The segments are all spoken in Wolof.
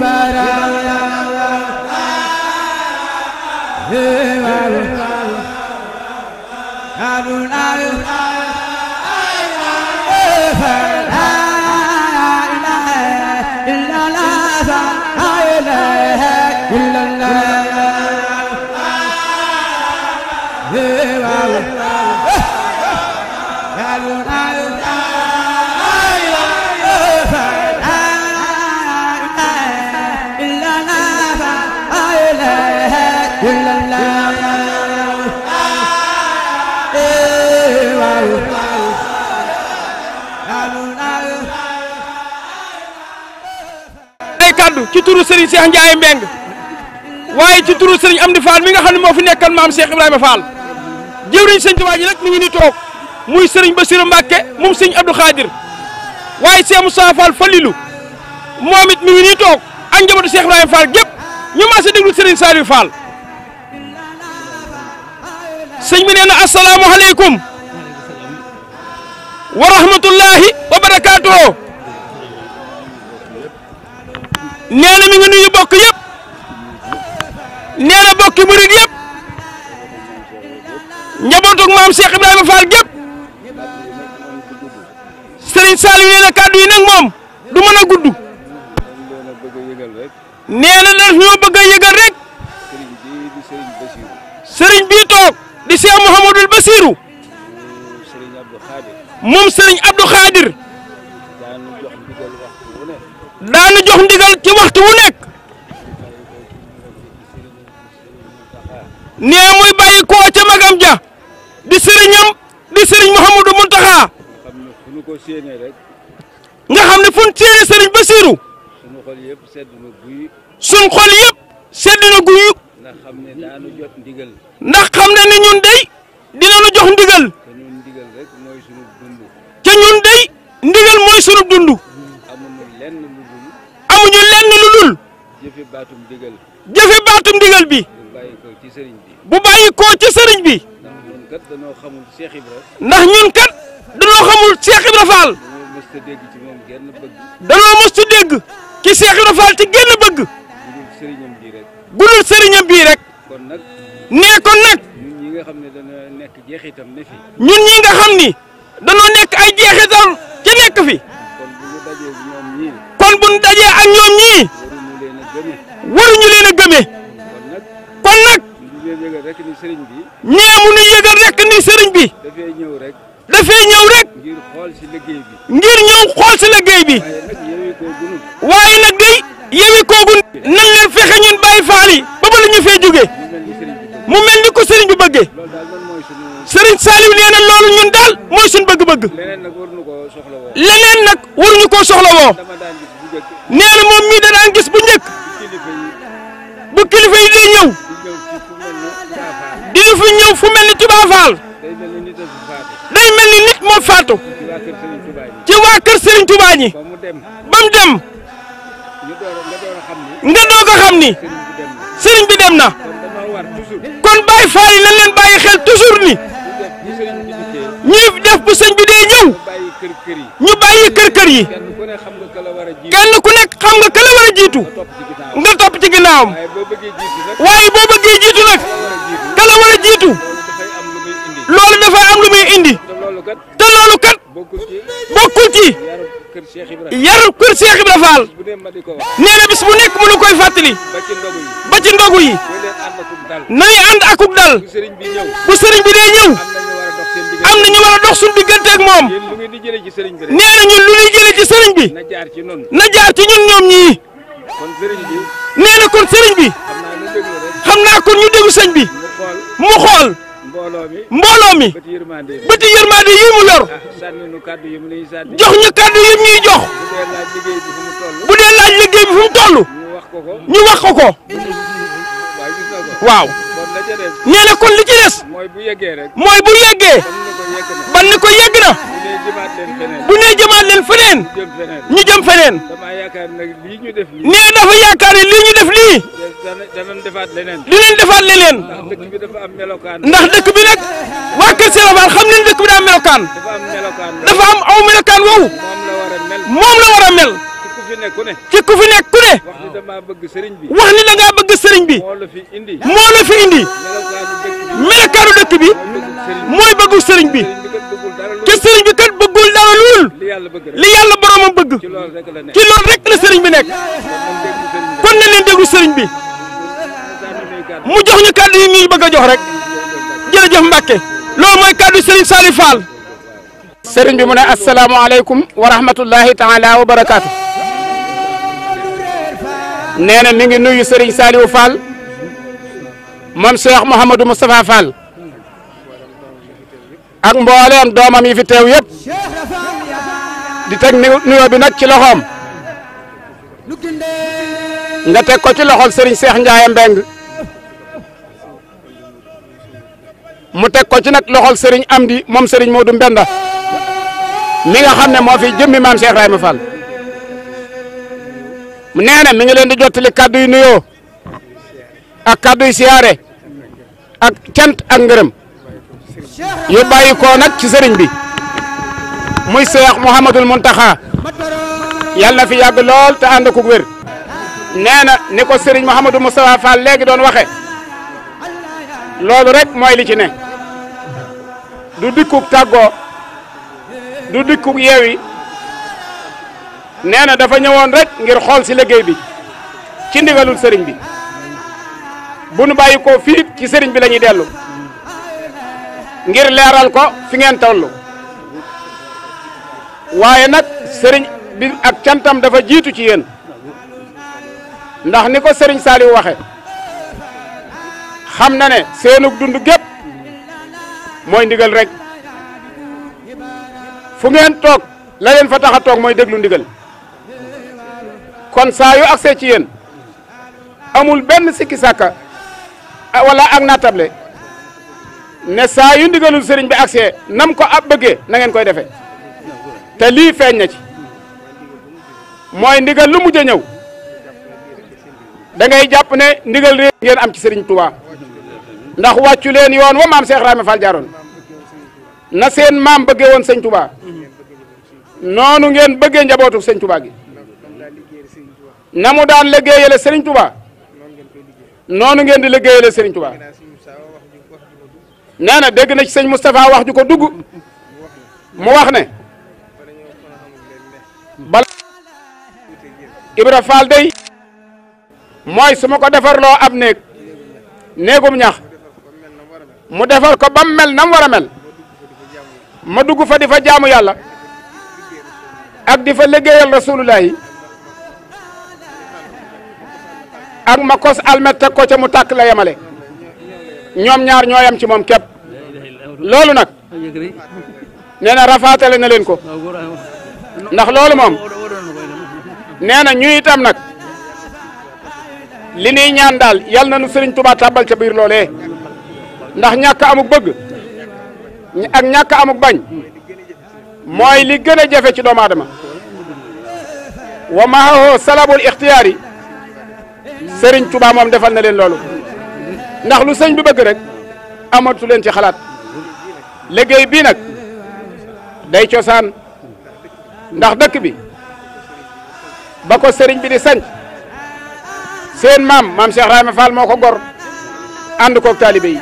bara kaddu ci turu Serigne Cheikh Ndiaye Mbeng waaye ci turu Serigne Amdi Fall mi nga xam ne moo fi nekkal maam Cheikh Ibrahima Fall jëwriñ Serigne Touba ji nag mi ngi ni toog muy Serigne Bassirou Mbacké moom Serigne Abdou Khadir waaye Cheikh Moussa Fall Falilou moom it mi ngi toog ak njabootu Cheikh Ibrahima Fall gépp ñu ma sa déglu Serigne Saliou Fall sëñ bi nee na asalaamualeykum wa rahmatullahi wa barakaatuhu nee na nuyu bokk yëpp nee na bokki murid yëpp njabootug maam Cheikh Ibrahima Fall gépp Serigne Saliou nee na kàddu yi nag moom du mën a gudd nee na daf ñoo bëgg a yëgal Basiiru moom Serigne Abdou Khadir daanu jox ndigal ci waxtu wu nekk nee muy bàyyi koo ca magam ja di sëriñam di sëriñ Mouhamadou Mountakha nga xam ne fu ñu séenee sëriñ Basiiru suñ xol yëpp sedd na guy ndax xam ne daanu ñun dey dinañu jox ndigal te ñun day ndigal mooy sunu dund amuñu lenn lu dul jëfe baatum ndigal jëfe baatum ndigal bi bu bàyyi koo ci sëriñ bi ndax ñun kat dañoo xamul Cheikh Ibra Fall dañoo mës a dégg ci Cheikh Ibra Fall ci génn bëgg gudul sëriñam bii rek nee kon nag ñi xam ne dañoo nekk jeexitam ne fi. ñun ñi nga xam ni dañoo nekk ay jeexitam ci nekk fi. kon bu ñu dajee ak ñoom ñii. kon ñu leen a gëmee. a gëmee. kon nag. bi. ñee mu ñu yëgal rek ni sëriñ bi. dafay ñëw rek. ngir liggéey bi. ñëw xool si liggéey bi. waaye nag day yewi koogu nan leen fexe ñun bàyyi faal yi ñu fee jógee. mu mel ni ko sëriñ bi bëggee sëriñ Saliou nee loolu ñun daal mooy suñ bëgg-bëgg leneen nag waruñu koo soxlawoo nee na mii da daan gis bu njëkk bu kilifa yi dee ñëw di fi ñëw fu mel ni Touba day mel ni nit moo faatu ci waa kër sëriñ Touba ñi dem nga doog a ni sëriñ bi dem na. Baye Fall yi nañ leen bàyyi xel toujours ni ñuy def bu sëñ bi dee ñëw ñu bàyyi kër kër yi kenn ku nekk xam nga ka la war a jiitu nga topp ci ginnaawam waaye boo bëggee jiitu nag ka a war a jiitu loolu dafay am lu muy indi te kat bokkul ci. kër Cheikh Ibrahima yaru kër Cheikh Ibrahima Fall nee na bis bu nekk mu ngi koy fàttali ba ci ndogu yi nay ànd akuk dal bu sëriñ bi day ñëw am na ñu war a dox suñu diggante ak moom nee na ñun lu ñuy jëlee ci sëriñ bi na jaar ci ñun ñoom ñii nee na sëriñ bi xam naa kon ñu déglu sëñ bi mu xool. mbooloo mi mbooloo mi bëti yërmande yi ah, jox ñu kàddu yi ñuy jox bu dee laaj liggéey bi fu mu toll ñu wax ko ko waaw nee na kon li des mooy bu yeggee ban ni ko yegg na bu nee jëmaat leen feneen ñu jëm feneen nee dafa yaakaar ne lii ñu def lii dinañ defaat leneen ndax dëkk bi nag waa Kër Serigne Fall xam nañ dëkk bi daa melokaan dafa am aw melokaan woowu moom la war a mel. fi ne. ci ku nekk ku ne. wax ni da ngaa bëgg sëriñ bi. wax ni bi. moo la fi indi. moo la fi dëkk bi. mooy bëggu sëriñ bi. te sëriñ bi kat bëggul dara luul. li yàlla boromam bëgg. ci loolu rek la sëriñ bi nekk. kon na leen déglu sëriñ bi. mu jox ñu kàddu yi ñuy bëgg a jox rek. jërëjëf Mbacke. loolu mooy kàddu sëriñ Saliou sëriñ bi mu ne asalaamaaleykum wa rahmatullahi taala wa barakaatu. nee na mi ngi nuyu Serigne Saliou Fall moom Cheikh Mouhamadou Moustapha Fall ak mbooleem doomam yi fi teew yëpp di teg nuyoo bi nag ci loxoom nga teg ko ci loxol Serigne Cheikh Ndiaye Mbeng mu teg ko ci nag loxol Serigne Amdi moom Serigne Modou Mbenda mi nga xam ne moo fi jëmmi maam Cheikh Ibrahima Fall. nee na mi ngi leen di jottali kàddu yu nuyoo ak kàddu yu siyaare ak cant ak ngërëm yu bàyyi ko nag ci sëriñ bi muy Seex Muhammadul Muntaxa yàlla na fi yàgg lool te ànd ko wér nee na ni ko sëriñ Mouhamadou Moustapha Fall léegi doon waxe loolu rek mooy li ci ne du dikkug tàggoo du dikkug yeewi nee na dafa ñëwoon rek ngir xool ci liggéey bi ci ndigalul sëriñ bi bu nu bàyyi ko fii ci sëriñ bi lañuy dellu ngir leeral ko fi ngeen toll waaye nag sëriñ bi ak cantam dafa jiitu ci yéen ndax ni ko sëriñ Saliou waxe xam na ne seenug dund gépp mooy ndigal rek fu ngeen toog la leen fa tax toog mooy déglu ndigal kon saa yu accès ci yéen amul benn sikki sàkka ah, wala ak naatable ne saa yu ndigalul sëriñ bi accès nam ko ab bëggee na koy defee te lii feeñ na ci mooy ndigal lu mujj a ñëw dangay jàpp ne ndigal réer ngeen am ci sëriñ Touba ndax wàccu leen yoon wa maam Cheikh Rahma jaaroon na seen maam bëggee woon sëñ Touba noonu ngeen bëggee njabootu sëñ Touba gi. na mu daan liggéeyale Serigne Touba noonu ngeen di liggéeyale Serigne Touba nee na dégg na ci sëñ Moustapha wax ju ko dugg mu wax ne bala Ibra Fall day mooy su ma ko defar defarloo ab néeg néegum ñax mu defar ko bam mel nam war a mel ma dugg fa di fa jaamu yàlla ak di fa liggéeyal rasulullah ak ma kos almet teg ko ca mu tàkk la yemale ñoom ñaar ñoo ci moom képp loolu nag nee na rafaatale na leen ko ndax loolu moom nee na ñu itam nag li nuy ñaan daal yal na nu Sëriñ Tuubaa tàbbal ca biir loolee ndax ñàkk amuk bëgg ak ñàkk amuk bañ mooy li gën a jafe ci doomu aadama wa mahoo salabul ixtiyaar Serigne Touba moom defal na leen loolu ndax lu sëñ bi bëgg rek amatu leen ci xalaat liggéey bii nag day cosaan ndax dëkk bi ba ko Serigne bi di sanc seen maam maam Cheikh Rahma Fall moo ko gor ànd koog taalibe yi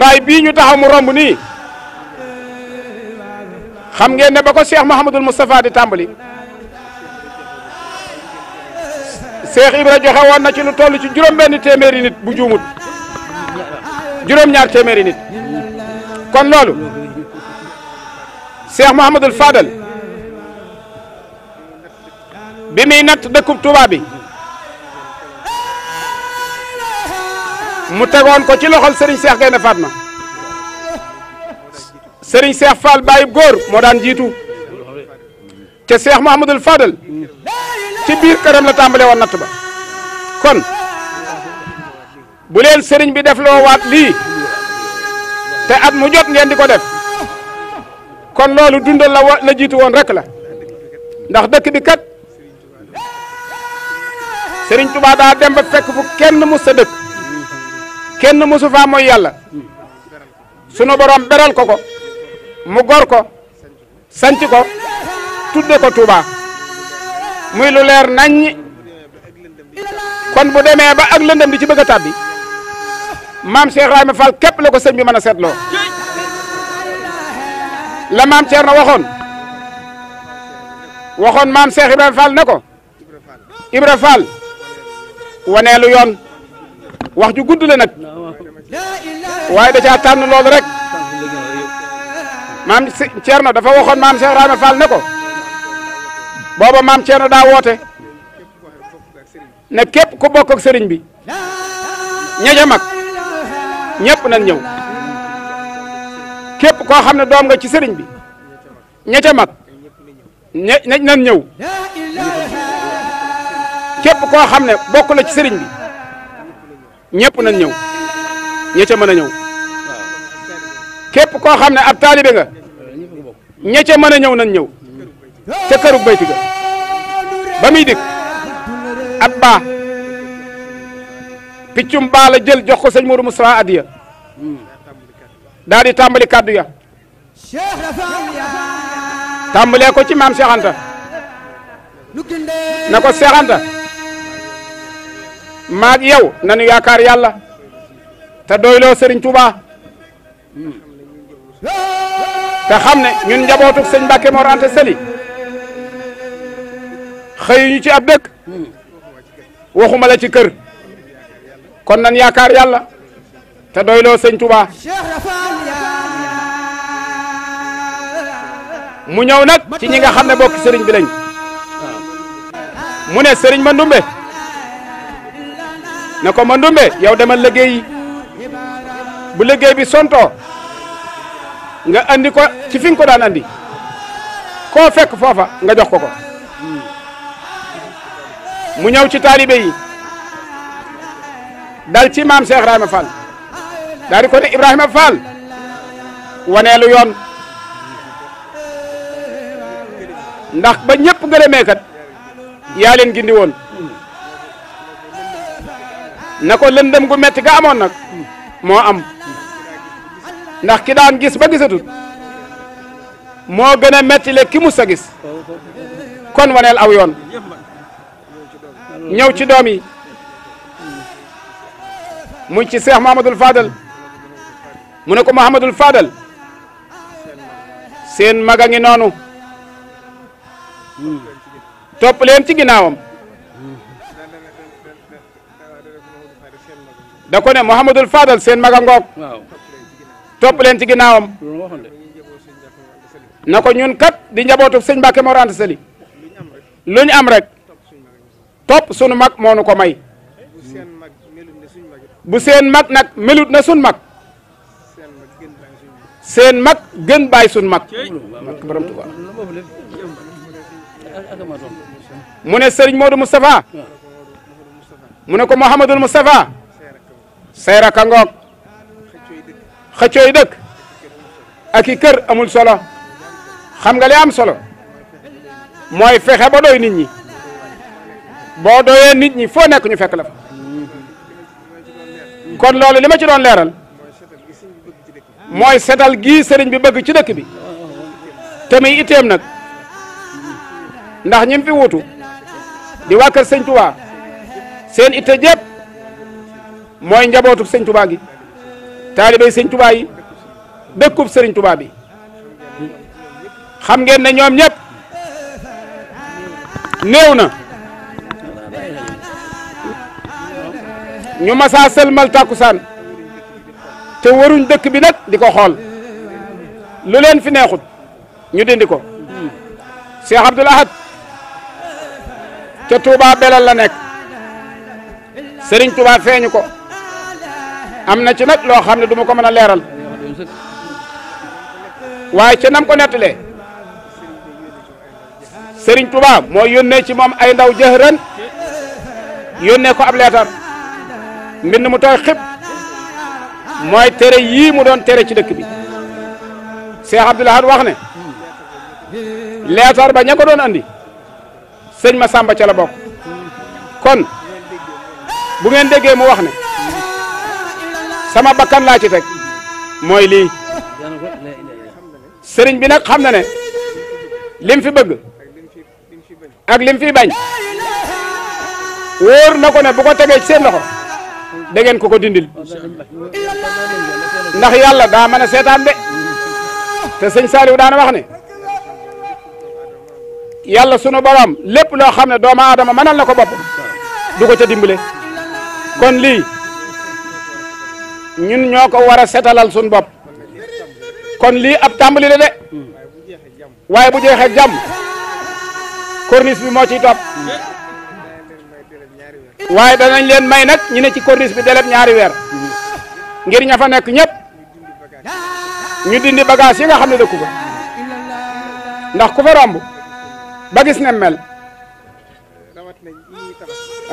raay bii ñu taxaw mu romb nii xam ngeen ne ba ko Cheikh Mouhamadul Moustapha di tàmbali. seex Ibra joxe woon na ci lu toll ci juróom-benn téeméeri nit bu juumut juróom-ñaar téeméeri nit kon loolu Cheikh Mouhamadul Fadal bi muy natt dëkkub Touba bi mu tegoon ko ci loxol Serigne seex Gaynde Fatma Serigne Cheikh Fall Baye góor moo daan jiitu ca Cheikh Mouhamadul Fadal. ci biir këram la tàmbale woon natt ba kon bu leen sëriñ bi def loo waat lii te at mu jot ngeen di ko def kon loolu dundal la wa jiitu woon rek la ndax dëkk bi kat sëriñ Tuubaa daa dem ba fekk fu kenn mës sa dëkk kenn mësu faa mooy yàlla sunu borom beral ko ko mu gor ko sanc ko tudde ko Tuubaa muy lu leer naññ kon bu demee ba ak lëndëm bi ci bëgg a tàbbi maam Cheikh Ibrahima Fall képp la ko sëñ bi mën a seetloo la maam Thierno waxoon waxoon maam Cheikh Ibrahima Fall ne ko Ibra Fall waneelu yoon wax ju gudd la nag waaye da caa tànn loolu rek maam Thierno dafa waxoon maam Cheikh Ibrahima Fall ne ko. booba maam Thierno daa woote ne képp ku bokk ak sëriñ bi ñaja mag ñëpp nañ ñëw képp koo xam ne doom nga ci sëriñ bi ña ca mag ñëw képp koo xam ne bokk na ci sëriñ bi ñëpp nañ ñëw ña ca mën a ñëw koo xam ne ab taalibe nga ña ca mën a ñëw nañ ñëw ca këru bayti ga ba muy dikk ab piccum baa la jël jox ko sëñ Modou Moustapha addiya daal di tàmbali kàddu ya tàmbalee ko ci maam Cheikh na ko Cheikh maag yow nanu yaakaar yàlla te doyloo Serigne Touba te xam ne ñun njabootuk sëñ Mbacke Mor Anta Sali xëyuñu ci ab dëkk waxuma la ci kër kon nan yaakaar yàlla te doyloo sëñ Touba mu ñëw nag ci ñi nga xam ne bokk sëriñ bi lañ mu ne sëriñ Mandoumbe ne ko Mandoumbe yow demal liggéey bu liggéey bi sontoo nga andi ko ci fi ko daan andi koo fekk foofa nga jox ko ko mu ñëw ci taalibe yi dal ci maam Cheikh Ibrahima Fall daal di ko ne Ibrahima Fall waneelu yoon ndax ba ñëpp ngërëmee kat yaa leen gindi woon na ko lëndëm gu metti ga amoon nag moo am ndax ki daan gis ba gisatut moo gën a metti le ki mus a gis kon waneel aw yoon ñëw ci doom yi mu ci seex Muhammadul Fadal mu ne ko mu Muhammadul Fadal seen mag a ngi noonu topp leen ci ginnaawam da ko ne Muhammadul Fadal seen mag a ngoog topp leen ci ginnaawam na ko ñun kat di njabootu sëñ Mbàkke Mor Anta Sali lu am rek. topp sunu mag moo nu ko may bu seen mag nag melut na sun mag seen mag gën bàyyi sun mag ak borom Tuubaa mu ne Serigne Modou Moustapha mu ne ko Mouhamadul Moustapha seera ka ngoog xëccooy dëkk ak i kër amul solo xam nga li am solo mooy fexe ba doy nit ñi boo doyee nit ñi foo nekk ñu fekk la fa kon loolu li ma ci doon leeral mooy setal gi sëriñ bi bëgg ci dëkk bi te muy nag ndax ñim fi wutu di waa kër sëñ Tuubaa seen itte jépp mooy njabootu sëñ Tuubaa gi taalibey sëñ Tuubaa yi dëkkub sëriñ Tuubaa bi xam ngeen ne ñoom ñëpp néew na ñu masaa sëlmal tàkkusaan te wëruñ dëkk bi nag di ko xool lu leen fi neexut ñu dindi ko Cheikh Abdoul Ahad ca Touba Belal la nekk sëriñ Touba feeñu ko am na ci nag loo xam ne du ko mën a leeral waaye ca nam ko nettalee Serigne Touba moo yónnee ci moom ay ndaw jëhëran yónnee ko ab leetar mbind mu tooy xib mooy tere yii mu doon tere ci dëkk bi Cheikh Abdoul Ahad wax ne leetar ba ña doon andi sëñ ma sàmba ca la bokk kon bu ngeen déggee mu wax ne sama bakkan laa ci teg mooy lii sëriñ bi nag xam na ne lim fi bëgg ak lim fi bañ wóor na ko ne bu ko tegee ci seen loxo da ngeen ko ko dindil ndax yàlla daa mën a seetaan de te sëñ Saliou daana wax ne yàlla sunu borom lépp loo xam ne doomu aadama mënal na ko bopp du ko ca dimbale kon lii ñun ñoo ko war a seetalal sunu bopp kon lii ab tàmbali la de waaye bu jeexee jàmm corniche bi moo ciy waaye danañ leen may nag ñu ne ci corniche bi deleb ñaari weer ngir ña fa nekk ñëpp ñu dindi bagage yi nga xam ne dëkku fa ndax ku fa romb ba gis ne mel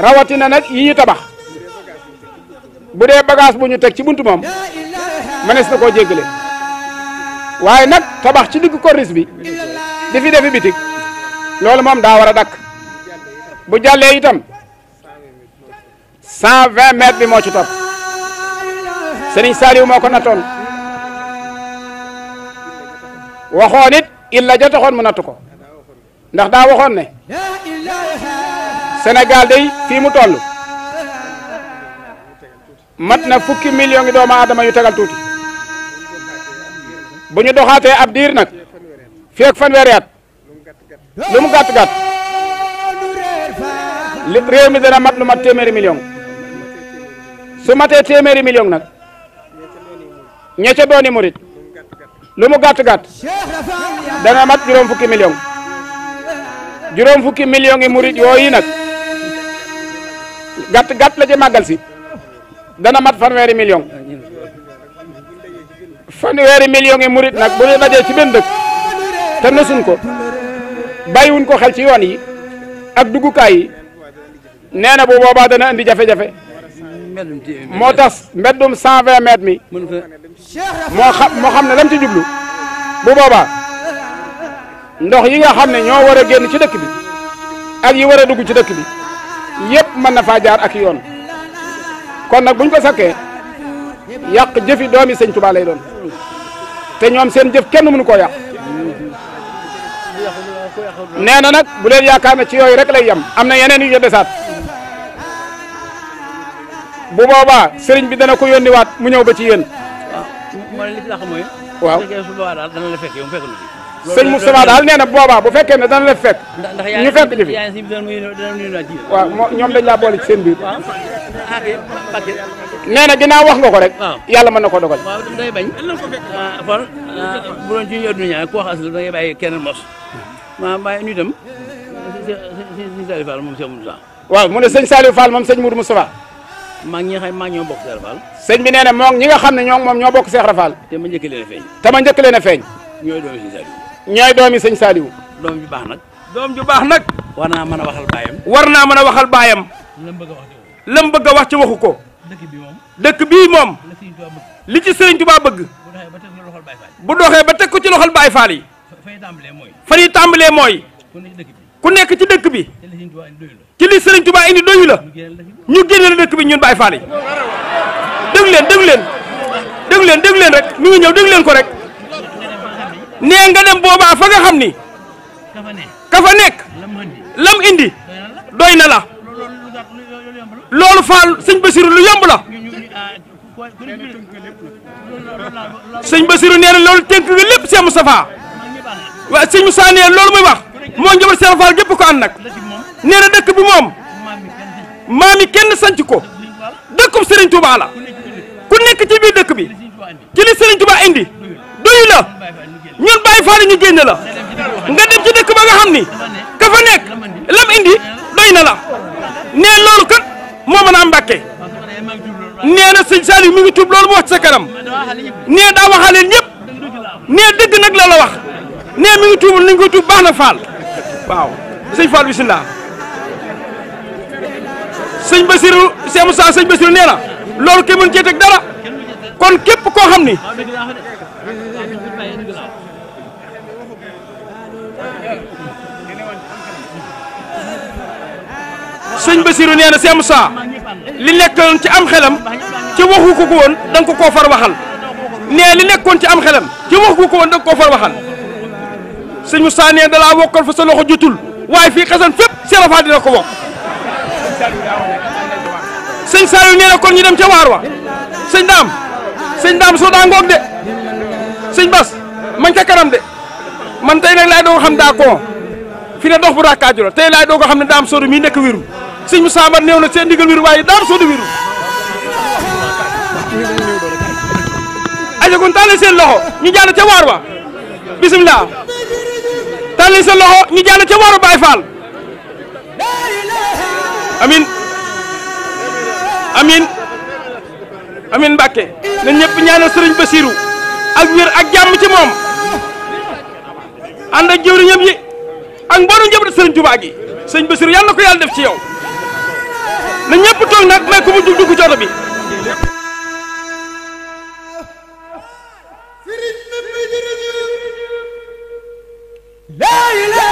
rawatina nag yi ñu tabax bu dee bagage bu ñu teg ci buntu moom ne na koo jéggale waaye nag tabax ci diggu corniche bi di fi defi bitig loolu moom daa war a dakk bu jàllee itam 120 bi moo ci topp Serigne Saliou moo ko nattoon waxoon it taxoon mu nattu ndax daa waxoon ne Sénégal day fii mu toll mat na fukki million gi doomu aadama yu tegal tuuti bu ñu doxaatee ab diir nag feek fanweeri at lu mu gàtt gàtt li réew mi dana mat lu mat téeméeri million su matee téeméeri million nag ña ca dooni murit lu mu gàtt gàtt dana mat juróom fukki million juróom fukki million yi murit yooyu nag gàtt gàtt la ca màggal si dana mat fanweeri million fanweeri million yi murit nag bu ñu dajee ci benn dëkk te nësuñ ko bàyyiwuñ ko xel ci yoon yi ak duggukaay yi nee na bu boobaa dana andi jafe-jafe. moo tax mbeddum 120 mètres mi moo xam moo xam ne lam ci jublu bu boobaa ndox yi nga xam ne ñoo war a génn ci dëkk bi ak yi war a dugg ci dëkk bi yëpp mën na faa jaar ak yoon kon nag buñ ko sakkee yàq jëfi doomi sëñ Tuubaa lay doon te ñoom seen jëf kenn mënu koo yàq nee na nag bu leen yaakaar na ci yooyu rek lay yem am na yeneen yu ñu desaat bu boobaa sëriñ bi dana ko yónniwaat mu ñëw ba ci yéen. waaw man li ci dàq mooy. waaw bu fekkee la fekk yow mu fekk lu fi. sëñ Moustapha daal nee na boobaa bu fekkee ne dana la fekk. ñu fekk ñu fi waaw ñoom dañ laa boole ci seen biir. Ah, nee na ginnaaw wax nga ko rek. yàlla ma na ko dogal. waaw day bañ. kon ah, ah, bu doon ci ñëw dina ñaan ku wax asal da ngay maa bàyyi ñu itam sëñ Saliou Fall moom sëñ Moustapha. waaw mu ne sëñ Saliou Fall moom sëñ Mourou Moustapha maa ngi xam maa ñoo bokk Seex Rafal sëñ bi nee moom ñi nga xam ne ñoo moom ñoo bokk Seex Rafal te ma njëkk leen a feeñ te ma njëkk leen a feeñ ñooy doomi sëñ Saliou ñooy doomi sëñ Saliou doom ju baax nag doom ju baax nag war naa mën a waxal baayam war naa mën a waxal baayam lam bëgg a wax ci waxu ko dëkk bi moom dëkk bii moom li ci sëriñ Tuubaa bëgg bu doxee ba teg ko ci loxol Baay Faal yi fa ñuy tàmbalee mooy ku ne ci dëkk ku nekk ci dëkk bi ci li Serigne Touba indi doyu la ñu génne la dëkk bi ñun Baye Fall yi dégg leen dégg leen dégg leen dégg leen rek mi ngi ñëw dégg leen ko rek nee nga dem booba fa nga xam ni ka fa nekk lam indi doy na la loolu Fall sëñ Basiru lu yomb la ah, sëñ Basiru nee na loolu tënk nga lépp seen Moustapha waaw sëñ Moussa nee loolu muy wax. moo njëbal Serigne Fall gépp ko ànd nag nee na dëkk bi moom maami kenn sanc ko dëkkub Serigne Touba la ku nekk ci biir dëkk bi ci li Serigne Touba indi doyu la ñun Baye Fall ñu génne la nga dem ci dëkk ba nga ni ka fa nekk lam indi doy na la nee loolu kat moo a am Mbàkke nee na sëñ Saliou mi ngi tuub loolu mu wax ci sa nee daa waxaale ñëpp nee dëgg nag la la wax nee mi ngi ko tuub baax na Fall. waaw sëñ Fall bisimilah sëñ Basiru sëñ Moussa sëñ Basiru nee na loolu kenn mën cee teg dara kon képp koo xam ni sëñ Basiru nee na sëñ Moussa li nekkoon ci am xelam ci waxu ko ko woon da ko koo far waxal nee li nekkoon ci am xelem ci waxu ko ko woon da ko far waxal. sëñ Moussa nee dalaa wokkal fa sa loxo jotul waaye fii xasan fépp Cheikh Rafa dina ko wokk sëñ Saliou nee na kon ñu dem ca waar wa sëñ daam sëñ daam soo daa ngoog de sëñ Bas man ca kanam de man tey nag laay doog xam daa ko fi ne dox bu rakkaaju la tey laay doog xam ne daam soodu mii nekk wéru sëñ Moussa Mar néew na seen ndigal wéru waaye daam soodu wéru ajagun tàlle seen loxo ñu jàll ca waar wa bisimilah tàllal sa loxo ñu ca waru Baay Faal amin amin amin Mbàkke na ñëpp ñaanal sëriñ Basiru ak wér ak jàmm ci moom ànd ak jëwriñam yi ak mbooloo njëbbat sëriñ Tuubaa gi sëriñ Basiru yàlla na ko yàlla def ci yow na ñëpp toog nag may ko mu dugg bi laa